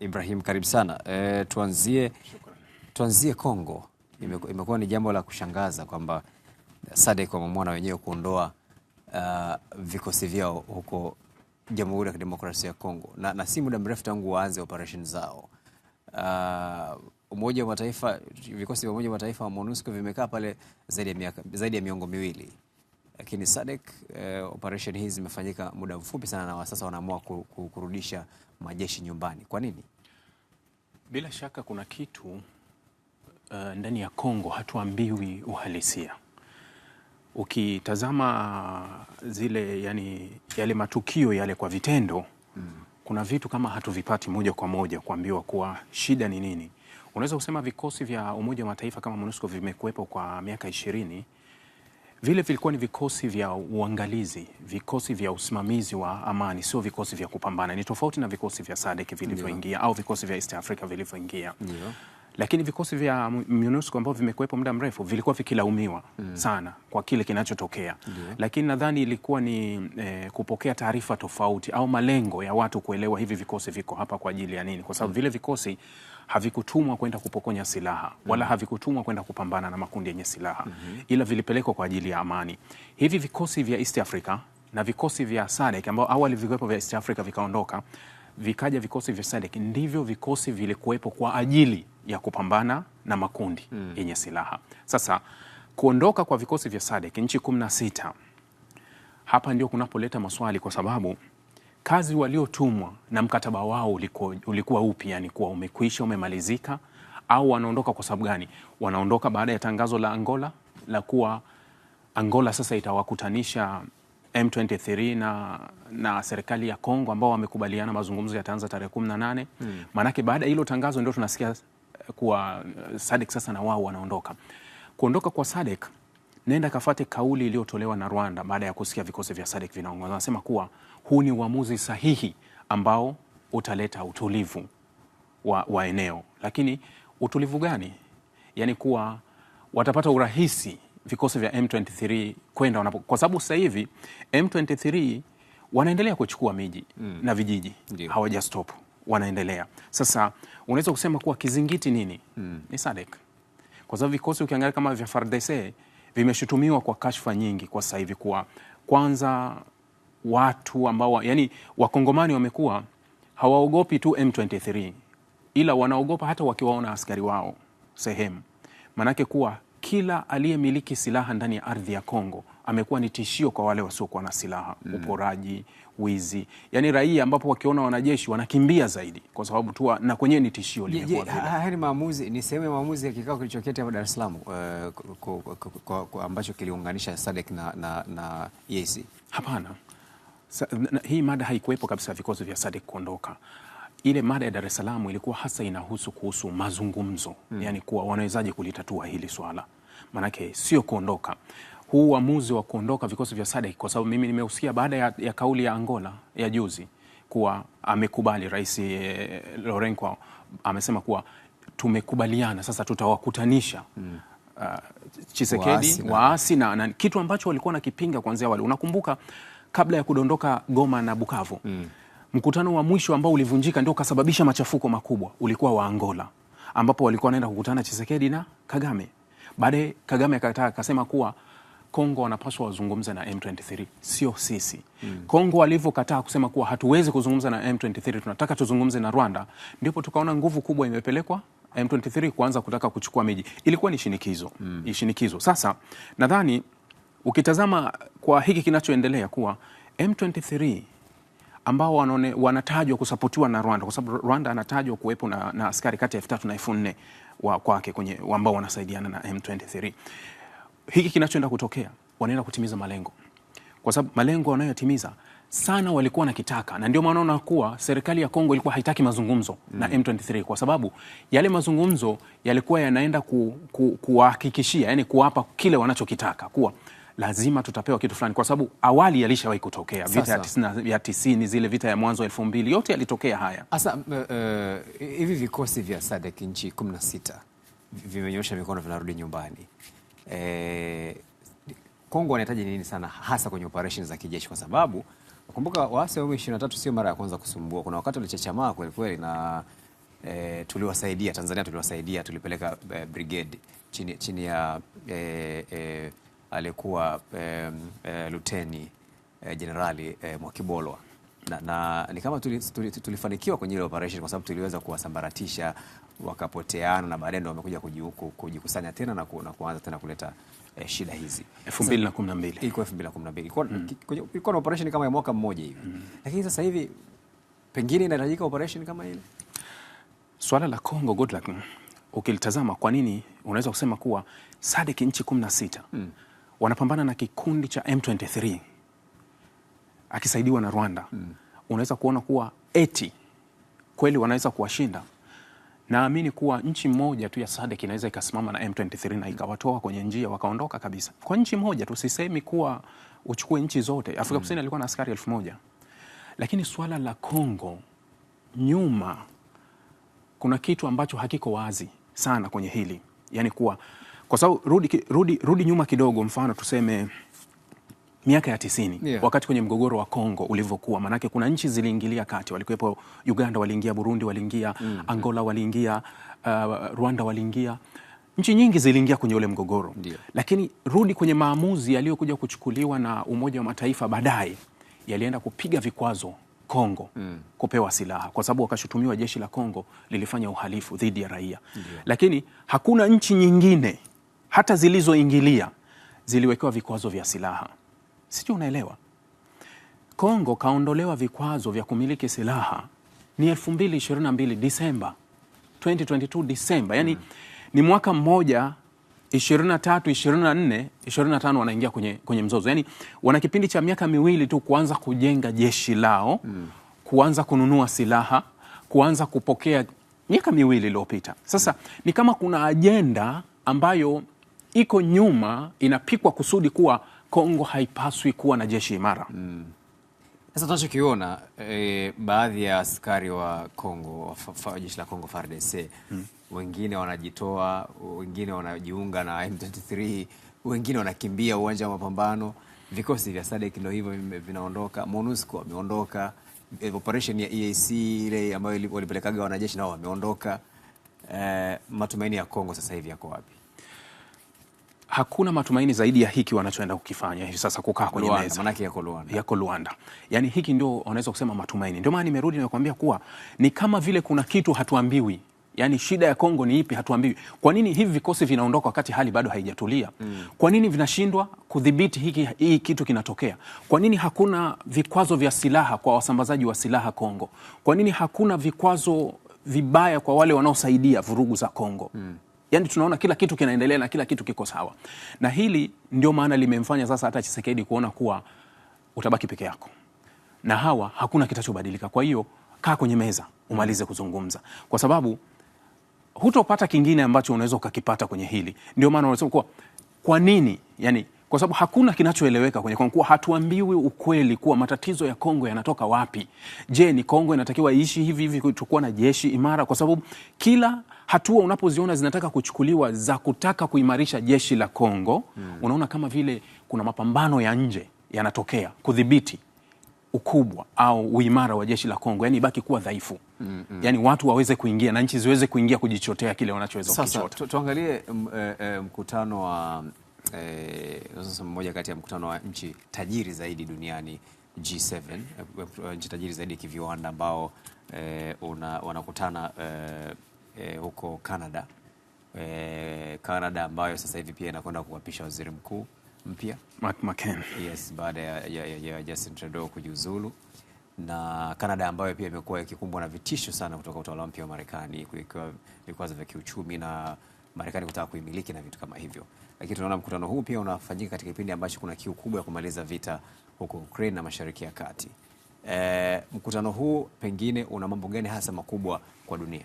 Ibrahim, karibu sana. E, tuanzie, tuanzie Kongo. Imekuwa ni jambo la kushangaza kwamba SADC wameamua na wenyewe kuondoa uh, vikosi vyao huko Jamhuri ya Kidemokrasia ya Kongo na, na si muda mrefu tangu waanze operation zao. Uh, Umoja wa Mataifa, vikosi vya Umoja wa Mataifa wa MONUSCO vimekaa pale zaidi ya miaka, zaidi ya miongo miwili, lakini SADC uh, operation hizi zimefanyika muda mfupi sana na wasasa wanaamua kurudisha ku, ku, majeshi nyumbani. Kwa nini? Bila shaka kuna kitu uh, ndani ya Kongo hatuambiwi uhalisia. Ukitazama zile yani, yale matukio yale kwa vitendo mm. Kuna vitu kama hatuvipati moja kwa moja kuambiwa kuwa shida ni nini. Unaweza kusema vikosi vya Umoja wa Mataifa kama MONUSCO vimekuwepo kwa miaka ishirini vile vilikuwa ni vikosi vya uangalizi, vikosi vya usimamizi wa amani, sio vikosi vya kupambana. Ni tofauti na vikosi vya SADC vilivyoingia yeah, au vikosi vya East Africa vilivyoingia yeah. Lakini vikosi vya MONUSCO ambavyo vimekuwepo muda mrefu vilikuwa vikilaumiwa yeah, hmm. sana kwa kile kinachotokea yeah. Lakini nadhani ilikuwa ni eh, kupokea taarifa tofauti au malengo ya watu kuelewa hivi vikosi viko hapa kwa ajili ya nini, kwa sababu yeah, hmm. vile vikosi havikutumwa kwenda kupokonya silaha mm-hmm. wala havikutumwa kwenda kupambana na makundi yenye silaha mm-hmm. ila vilipelekwa kwa ajili ya amani. Hivi vikosi vya East Africa na vikosi vya SADC ambao awali vilikuwepo vya East Africa vikaondoka, vikaja vikosi vya SADC, ndivyo vikosi vilikuwepo kwa ajili ya kupambana na makundi mm. yenye mm. silaha. Sasa kuondoka kwa vikosi vya SADC nchi 16 hapa ndio kunapoleta maswali kwa sababu kazi waliotumwa na mkataba wao ulikuwa, ulikuwa upi? Yani kuwa umekwisha umemalizika, au wanaondoka kwa sababu gani? Wanaondoka baada ya tangazo la Angola la kuwa Angola sasa itawakutanisha M23 na, na serikali ya Kongo ambao wamekubaliana mazungumzo yataanza tarehe 18. Hmm. Maanake baada ya hilo tangazo ndio tunasikia eh, kuwa eh, SADC sasa na wao wanaondoka. Kuondoka kwa SADC, nenda kafate kauli iliyotolewa na Rwanda baada ya kusikia vikosi vya SADC vinaongoza, anasema kuwa huu ni uamuzi sahihi ambao utaleta utulivu wa, wa eneo. Lakini utulivu gani? Yaani kuwa watapata urahisi vikosi vya M23 kwenda wanapo, kwa sababu sasa hivi M23 wanaendelea kuchukua miji mm. na vijiji hawaja stop, wanaendelea sasa. Unaweza kusema kuwa kizingiti nini? mm. ni SADC, kwa sababu vikosi ukiangalia kama vya FARDC vimeshutumiwa kwa kashfa nyingi kwa sasa hivi, kuwa kwanza watu ambao wa, yani wakongomani wamekuwa hawaogopi tu M23 ila wanaogopa hata wakiwaona askari wao sehemu, manake kuwa kila aliyemiliki silaha ndani ya ardhi ya Kongo amekuwa ni tishio kwa wale wasiokuwa na silaha mm. Uporaji, wizi, yani raia ambapo wakiona wanajeshi wanakimbia zaidi kwa sababu tu na kwenyewe ni tishio. Haya ni maamuzi, ni sehemu ya maamuzi ya kikao kilichoketi hapa Dar es Salaam eh, ambacho kiliunganisha SADC na EAC. Hapana. Sa, hii mada haikuwepo kabisa vikosi vya SADC kuondoka. Ile mada ya Dar es Salaam ilikuwa hasa inahusu kuhusu mazungumzo mm. Yani kuwa wanawezaje kulitatua hili swala, maanake sio kuondoka huu uamuzi wa kuondoka vikosi vya SADC, kwa sababu mimi nimeusikia baada ya, ya kauli ya Angola ya juzi kuwa amekubali rais eh, Lorenco amesema kuwa tumekubaliana sasa tutawakutanisha mm. uh, ah, Chisekedi waasi na, na kitu ambacho walikuwa nakipinga kuanzia wale, unakumbuka kabla ya kudondoka Goma na Bukavu mm. Mkutano wa mwisho ambao ulivunjika ndio ukasababisha machafuko makubwa ulikuwa wa Angola, ambapo walikuwa wanaenda kukutana Chisekedi na Kagame. Baadaye Kagame akataa akasema kuwa Kongo wanapaswa wazungumze na M23, sio sisi mm. Kongo walivyokataa kusema kuwa hatuwezi kuzungumza na M23, tunataka tuzungumze na Rwanda, ndipo tukaona nguvu kubwa imepelekwa M23 kuanza kutaka kuchukua miji. Ilikuwa ni shinikizo mm. shinikizo. Sasa nadhani ukitazama kwa hiki kinachoendelea kuwa M23 ambao wanone, wanatajwa kusapotiwa na Rwanda kwa sababu Rwanda anatajwa kuwepo na, na askari kati ya elfu tatu na elfu nne wa kwake kwenye ambao wanasaidiana na M23. Hiki kinachoenda kutokea, wanaenda kutimiza malengo, kwa sababu malengo wanayotimiza sana walikuwa nakitaka, na ndio maana unaona kuwa serikali ya Kongo ilikuwa haitaki mazungumzo mm, na M23 kwa sababu yale mazungumzo yalikuwa yanaenda kuwahakikishia, yani kuwapa kile wanachokitaka kuwa lazima tutapewa kitu fulani, kwa sababu awali yalishawahi kutokea vita ya ya tisini, zile vita ya mwanzo elfu mbili yote yalitokea haya. Sasa eh, eh, hivi uh, uh, vikosi vya SADC nchi 16 vimenyosha mikono vinarudi nyumbani e, Kongo wanahitaji nini sana hasa kwenye operesheni za kijeshi, kwa sababu kumbuka waasi wa M23 sio mara ya kwanza kusumbua. Kuna wakati walichechamaa kweli kweli na E, tuliwasaidia Tanzania, tuliwasaidia tulipeleka e, brigade chini, chini ya e, e, aliyekuwa eh, eh, luteni e, jenerali eh, Mwakibolwa na, na ni kama tulifanikiwa tuli, tuli kwenye ile operation kwa sababu tuliweza kuwasambaratisha wakapoteana, na baadaye ndio wamekuja kujikusanya tena na, ku, na kuanza tena kuleta eh, shida hizi 2012 iko 2012 iko iko na operation kama ya mwaka mmoja hivi mm. Lakini sasa hivi pengine inahitajika operation kama ile. Swala la Congo good luck ukilitazama kwa nini unaweza kusema kuwa SADC nchi 16 mm wanapambana na kikundi cha M23 akisaidiwa na Rwanda mm. Unaweza kuona kuwa eti kweli wanaweza kuwashinda. Naamini kuwa nchi moja tu ya SADC inaweza ikasimama na M23 na ikawatoa kwenye njia wakaondoka kabisa, kwa nchi moja tu. Sisemi kuwa uchukue nchi zote. Afrika mm. Kusini mm. alikuwa na askari elfu moja lakini swala la Kongo nyuma, kuna kitu ambacho hakiko wazi sana kwenye hili, yani kuwa kwa sababu rudi, rudi, rudi nyuma kidogo, mfano tuseme miaka ya tisini yeah. Wakati kwenye mgogoro wa Kongo ulivyokuwa, maanake kuna nchi ziliingilia kati, walikuwepo Uganda, waliingia Burundi, waliingia mm. Angola, waliingia uh, Rwanda, waliingia nchi nyingi ziliingia kwenye ule mgogoro yeah. Lakini rudi kwenye maamuzi yaliyokuja kuchukuliwa na Umoja wa Mataifa baadaye yalienda kupiga vikwazo Kongo mm. kupewa silaha kwa sababu wakashutumiwa jeshi la Kongo lilifanya uhalifu dhidi ya raia yeah. Lakini hakuna nchi nyingine hata zilizoingilia ziliwekewa vikwazo vya silaha. Sijui unaelewa. Kongo kaondolewa vikwazo vya kumiliki silaha ni 2022 Disemba 2022 Disemba, yani mm. ni mwaka mmoja 23, 24, 25 wanaingia kwenye, kwenye mzozo. Yani wana kipindi cha miaka miwili tu kuanza kujenga jeshi lao mm. kuanza kununua silaha, kuanza kupokea, miaka miwili iliyopita. Sasa mm. ni kama kuna ajenda ambayo iko nyuma inapikwa kusudi kuwa Kongo haipaswi kuwa na jeshi imara mm. Sasa tunachokiona e, baadhi ya askari wa Kongo wa jeshi la Kongo FARDC mm. Wengine wanajitoa, wengine wanajiunga na M23, wengine wanakimbia uwanja wa mapambano. Vikosi vya SADC ndio hivyo vinaondoka, MONUSCO wameondoka, eh, operation ya EAC ile ambayo walipelekaga wanajeshi nao wameondoka. E, matumaini ya Kongo sasa hivi yako wapi? hakuna matumaini zaidi ya hiki wanachoenda kukifanya hivi sasa, kukaa kwenye meza. manake yako Luanda, yako Luanda, yani hiki ndio wanaweza kusema matumaini. Ndio maana nimerudi na kuwa ni kama vile kuna kitu hatuambiwi Yani shida ya Kongo ni ipi? Hatuambiwi. Kwa nini hivi vikosi vinaondoka wakati hali bado haijatulia? Mm. Kwa nini vinashindwa kudhibiti hiki hii kitu kinatokea? Kwa nini hakuna vikwazo vya silaha kwa wasambazaji wa silaha Kongo? Kwa nini hakuna vikwazo vibaya kwa wale wanaosaidia vurugu za Kongo? Mm yani tunaona kila kitu kinaendelea na kila kitu kiko sawa, na hili ndio maana limemfanya sasa hata Chisekedi kuona kuwa utabaki peke yako na hawa, hakuna kitachobadilika. Kwa hiyo kaa kwenye meza umalize kuzungumza, kwa sababu hutopata kingine ambacho unaweza ukakipata kwenye hili. Ndio maana wanasema kuwa kwa nini yani kwa sababu hakuna kinachoeleweka kwenye Kongo, kuwa hatuambiwi ukweli kuwa matatizo ya Kongo yanatoka wapi. Je, ni Kongo inatakiwa iishi hivi hivi, kutokuwa na jeshi imara? Kwa sababu kila hatua unapoziona zinataka kuchukuliwa za kutaka kuimarisha jeshi la Kongo hmm. unaona kama vile kuna mapambano ya nje yanatokea kudhibiti ukubwa au uimara wa jeshi la Kongo, yani ibaki kuwa dhaifu mm -hmm. hmm. Yani watu waweze kuingia na nchi ziweze kuingia kujichotea kile wanachoweza kuchota. Sasa tuangalie eh, eh, mkutano wa eh, sasa mmoja kati ya mkutano wa nchi tajiri zaidi duniani G7, eh, nchi tajiri zaidi kiviwanda ambao eh, una, wanakutana eh, eh, huko Canada eh, Canada ambayo sasa hivi pia inakwenda kuwapisha waziri mkuu mpya Mark McCain. Yes, baada ya, ya, ya Justin Trudeau kujiuzulu na Canada ambayo pia imekuwa ikikumbwa na vitisho sana kutoka utawala mpya wa Marekani, ikiwa vikwazo vya kiuchumi na Marekani kutaka kuimiliki na vitu kama hivyo. Lakini tunaona mkutano huu pia unafanyika katika kipindi ambacho kuna kiu kubwa ya kumaliza vita huko Ukraine na Mashariki ya Kati. E, mkutano huu pengine una mambo gani hasa makubwa kwa dunia?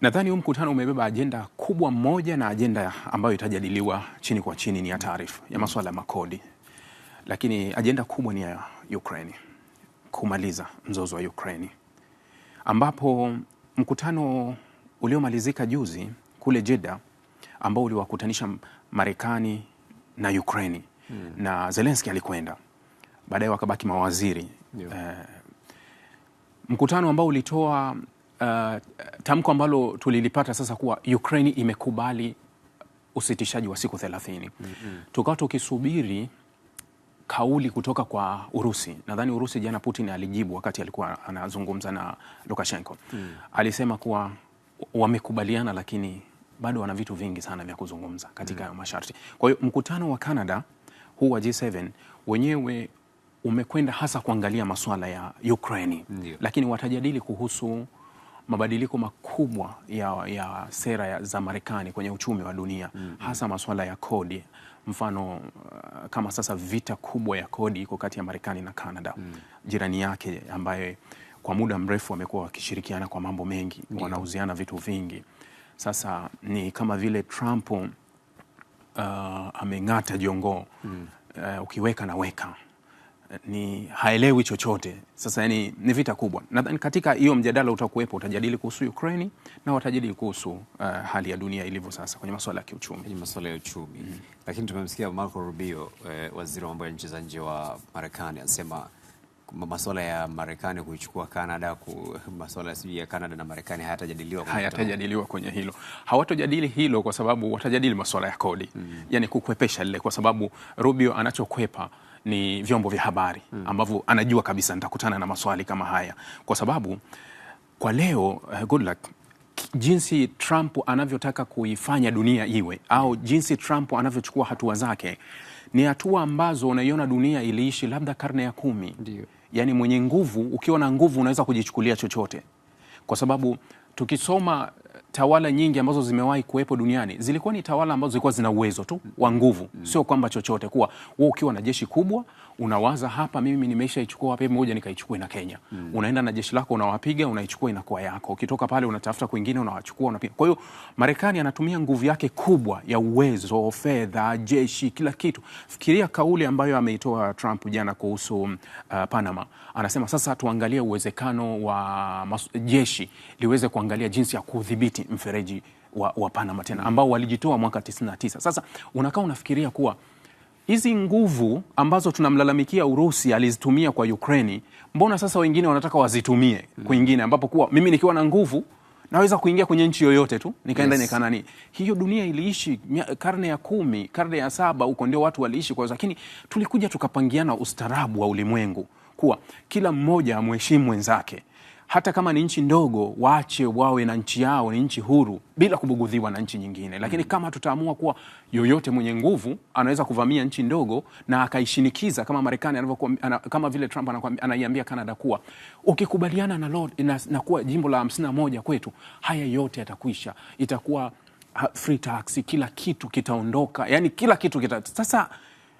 Nadhani huu mkutano umebeba ajenda kubwa moja, na ajenda ambayo itajadiliwa chini kwa chini ni ya taarifa ya masuala ya makodi, lakini ajenda kubwa ni ya Ukraine, kumaliza mzozo wa Ukraine, ambapo mkutano uliomalizika juzi kule jeda ambao uliwakutanisha Marekani na Ukraini mm. na Zelensky alikwenda baadaye wakabaki mawaziri yeah. Eh, uh, mkutano ambao ulitoa uh, tamko ambalo tulilipata sasa kuwa Ukraini imekubali usitishaji wa siku 30 mm -hmm. tukawa tukisubiri kauli kutoka kwa Urusi. Nadhani Urusi jana Putin alijibu wakati alikuwa anazungumza na Lukashenko mm. alisema kuwa wamekubaliana, lakini bado wana vitu vingi sana vya kuzungumza katika mm. masharti. Kwa hiyo mkutano wa Canada huu wa G7 wenyewe umekwenda hasa kuangalia masuala ya Ukraine mm. lakini watajadili kuhusu mabadiliko makubwa ya, ya sera ya, za Marekani kwenye uchumi wa dunia mm, mm. hasa masuala ya kodi, mfano uh, kama sasa vita kubwa ya kodi iko kati ya Marekani na Canada mm jirani yake ambaye kwa muda mrefu wamekuwa wakishirikiana kwa mambo mengi, wanauziana vitu vingi. Sasa ni kama vile Trump uh, ameng'ata jongoo uh, mm. uh, ukiweka na weka ni haelewi chochote sasa. Yani ni vita kubwa, nadhani katika hiyo mjadala utakuwepo, utajadili kuhusu Ukraini na watajadili kuhusu uh, hali ya dunia ilivyo sasa kwenye masuala ya kiuchumi, kwenye masuala ya uchumi mm. Lakini tumemsikia Marco Rubio eh, waziri wa mambo ya nchi za nje wa Marekani anasema masuala ya Marekani kuichukua Canada, masuala sijui ya Canada na Marekani hayatajadiliwa, hayatajadiliwa kwenye hilo. Hawatojadili hilo kwa sababu watajadili masuala ya kodi mm. Yani kukwepesha lile, kwa sababu Rubio anachokwepa ni vyombo vya habari mm. ambavyo anajua kabisa nitakutana na maswali kama haya, kwa sababu kwa leo uh, good luck jinsi Trump anavyotaka kuifanya dunia iwe au jinsi Trump anavyochukua hatua zake ni hatua ambazo unaiona dunia iliishi labda karne ya kumi. Ndiyo yani mwenye nguvu, ukiwa na nguvu unaweza kujichukulia chochote, kwa sababu tukisoma tawala nyingi ambazo zimewahi kuwepo duniani zilikuwa ni tawala ambazo zilikuwa zina uwezo tu wa nguvu mm. Sio kwamba chochote kuwa wewe ukiwa na jeshi kubwa unawaza hapa, mimi nimeshaichukua wapi moja nikaichukue na Kenya mm. Unaenda na jeshi lako unawapiga, unaichukua inakuwa yako. Ukitoka pale unatafuta kwingine, unawachukua, unapiga. Kwa hiyo Marekani anatumia nguvu yake kubwa ya uwezo, fedha, jeshi, kila kitu. Fikiria kauli ambayo ameitoa Trump jana kuhusu uh, Panama. Anasema sasa tuangalie uwezekano wa jeshi liweze kuangalia jinsi ya kudhibiti kudhibiti mfereji wa, wa Panama tena ambao walijitoa mwaka 99. Sasa unakaa unafikiria kuwa hizi nguvu ambazo tunamlalamikia Urusi alizitumia kwa Ukraini, mbona sasa wengine wanataka wazitumie kwingine, ambapo kuwa mimi nikiwa na nguvu naweza kuingia kwenye nchi yoyote tu nikaenda yes. Nikanani hiyo dunia iliishi karne ya kumi, karne ya saba, huko ndio watu waliishi kwao, lakini tulikuja tukapangiana ustarabu wa ulimwengu kuwa kila mmoja amheshimu mwenzake hata kama ni nchi ndogo, waache wawe na nchi yao, ni nchi huru bila kubugudhiwa na nchi nyingine. Lakini mm. kama tutaamua kuwa yoyote mwenye nguvu anaweza kuvamia nchi ndogo na akaishinikiza, kama Marekani ana, kama vile Trump anaiambia Canada kuwa ukikubaliana na, Lord, na, na kuwa jimbo la moja kwetu, haya yote yatakwisha, itakuwa free tax, kila kitu kitaondoka, yani kila kitu kita sasa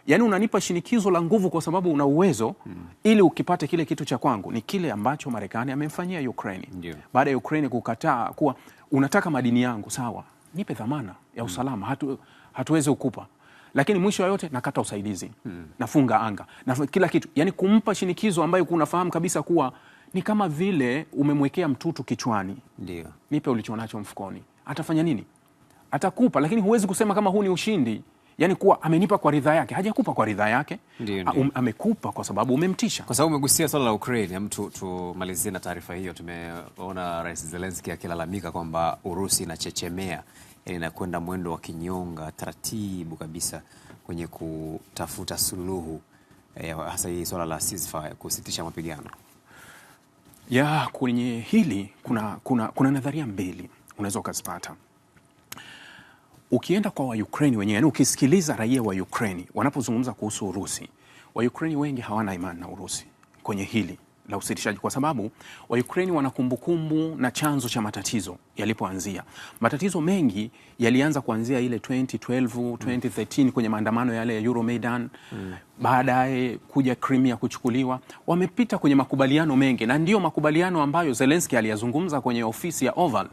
yani unanipa shinikizo la nguvu kwa sababu una uwezo mm. ili ukipate kile kitu cha kwangu. Ni kile ambacho Marekani amemfanyia Ukraini baada ya Ukraini kukataa kuwa unataka madini yangu, sawa, nipe dhamana ya hmm. usalama, hatu, hatuwezi kukupa lakini mwisho wa yote nakata usaidizi mm. nafunga anga na kila kitu, yani kumpa shinikizo ambayo kunafahamu kabisa kuwa ni kama vile umemwekea mtutu kichwani. nipe ulichonacho mfukoni. Atafanya nini? Atakupa, lakini huwezi kusema kama huu ni ushindi yani kuwa amenipa kwa ridhaa yake, hajakupa kwa ridhaa yake ndiyo, ndiyo. Um, amekupa kwa sababu umemtisha. Kwa sababu umegusia swala la Ukraine, hebu tumalizie na taarifa hiyo. Tumeona Rais Zelensky akilalamika kwamba Urusi inachechemea, yani inakwenda mwendo wa kinyonga taratibu kabisa kwenye kutafuta suluhu eh, hasa hii swala la ceasefire, kusitisha mapigano ya kwenye hili kuna, kuna, kuna nadharia mbili unaweza ukazipata. Ukienda kwa Waukraini wenyewe, yani ukisikiliza raia wa Ukraini wanapozungumza kuhusu Urusi, Waukraini wengi hawana imani na Urusi kwenye hili la usitishaji, kwa sababu Waukraini wana kumbukumbu na chanzo cha matatizo yalipoanzia. Matatizo mengi yalianza kuanzia ile 2012 2013, kwenye maandamano yale ya Euro Maidan mm. Baadaye kuja Crimea kuchukuliwa, wamepita kwenye makubaliano mengi, na ndiyo makubaliano ambayo Zelensky aliyazungumza kwenye ofisi ya Oval,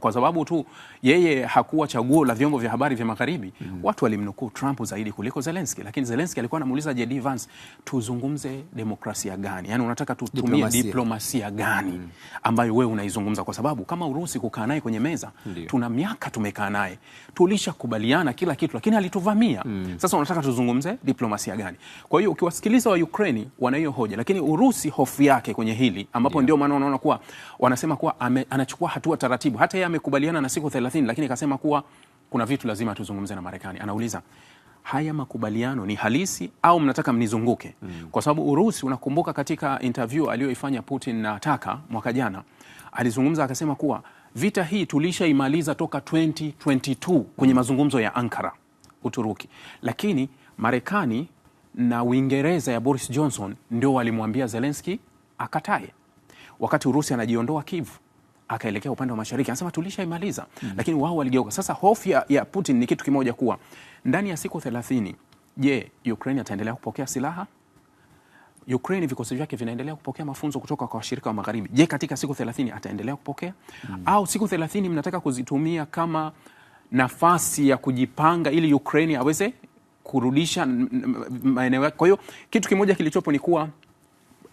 kwa sababu tu yeye hakuwa chaguo la vyombo vya habari vya magharibi mm. Watu walimnukuu Trump zaidi kuliko Zelensky, lakini Zelensky alikuwa anamuuliza JD Vance, tuzungumze demokrasia gani? Yani unataka tutumie diplomasia, diplomasia gani ambayo wewe unaizungumza, kwa sababu kama Urusi kuka tumekaa naye kwenye meza Ndiyo. tuna miaka tumekaa naye tulishakubaliana kila kitu, lakini alituvamia mm. Sasa unataka tuzungumze diplomasia gani? Kwa hiyo ukiwasikiliza wa Ukraine wana hiyo hoja, lakini Urusi hofu yake kwenye hili ambapo ndio maana unaona kuwa wanasema kuwa ame, anachukua hatua taratibu. Hata yeye amekubaliana na siku 30 lakini akasema kuwa kuna vitu lazima tuzungumze na Marekani. Anauliza haya makubaliano ni halisi au mnataka mnizunguke? mm. Kwa sababu Urusi, unakumbuka katika interview aliyoifanya Putin na Taka mwaka jana, alizungumza akasema kuwa Vita hii tulishaimaliza toka 2022 kwenye mazungumzo ya Ankara, Uturuki, lakini Marekani na Uingereza ya Boris Johnson ndio walimwambia Zelensky akataye wakati Urusi anajiondoa Kivu akaelekea upande wa mashariki, anasema tulishaimaliza mm -hmm. Lakini wao waligeuka. Sasa hofu ya, ya Putin ni kitu kimoja, kuwa ndani ya siku 30 je, Ukraine ataendelea kupokea silaha? Ukraine vikosi vyake vinaendelea kupokea mafunzo kutoka kwa washirika wa magharibi. Je, katika siku 30 ataendelea kupokea mm. au siku 30 mnataka kuzitumia kama nafasi ya kujipanga ili Ukraine aweze kurudisha maeneo yake? Kwa hiyo kitu kimoja kilichopo ni kuwa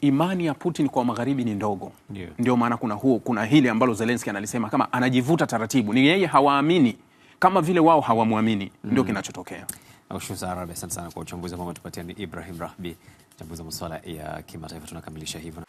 imani ya Putin kwa magharibi ni ndogo yeah. Ndio maana kuna huo, kuna hili ambalo Zelensky analisema kama anajivuta taratibu, ni yeye hawaamini kama vile wao hawamwamini mm. Ndio mm-hmm. kinachotokea. Nakushukuru sana asante sana kwa uchambuzi ambao umetupatia. Ni Ibrahim Rahbi, mchambuzi wa masuala ya kimataifa. Tunakamilisha hivyo.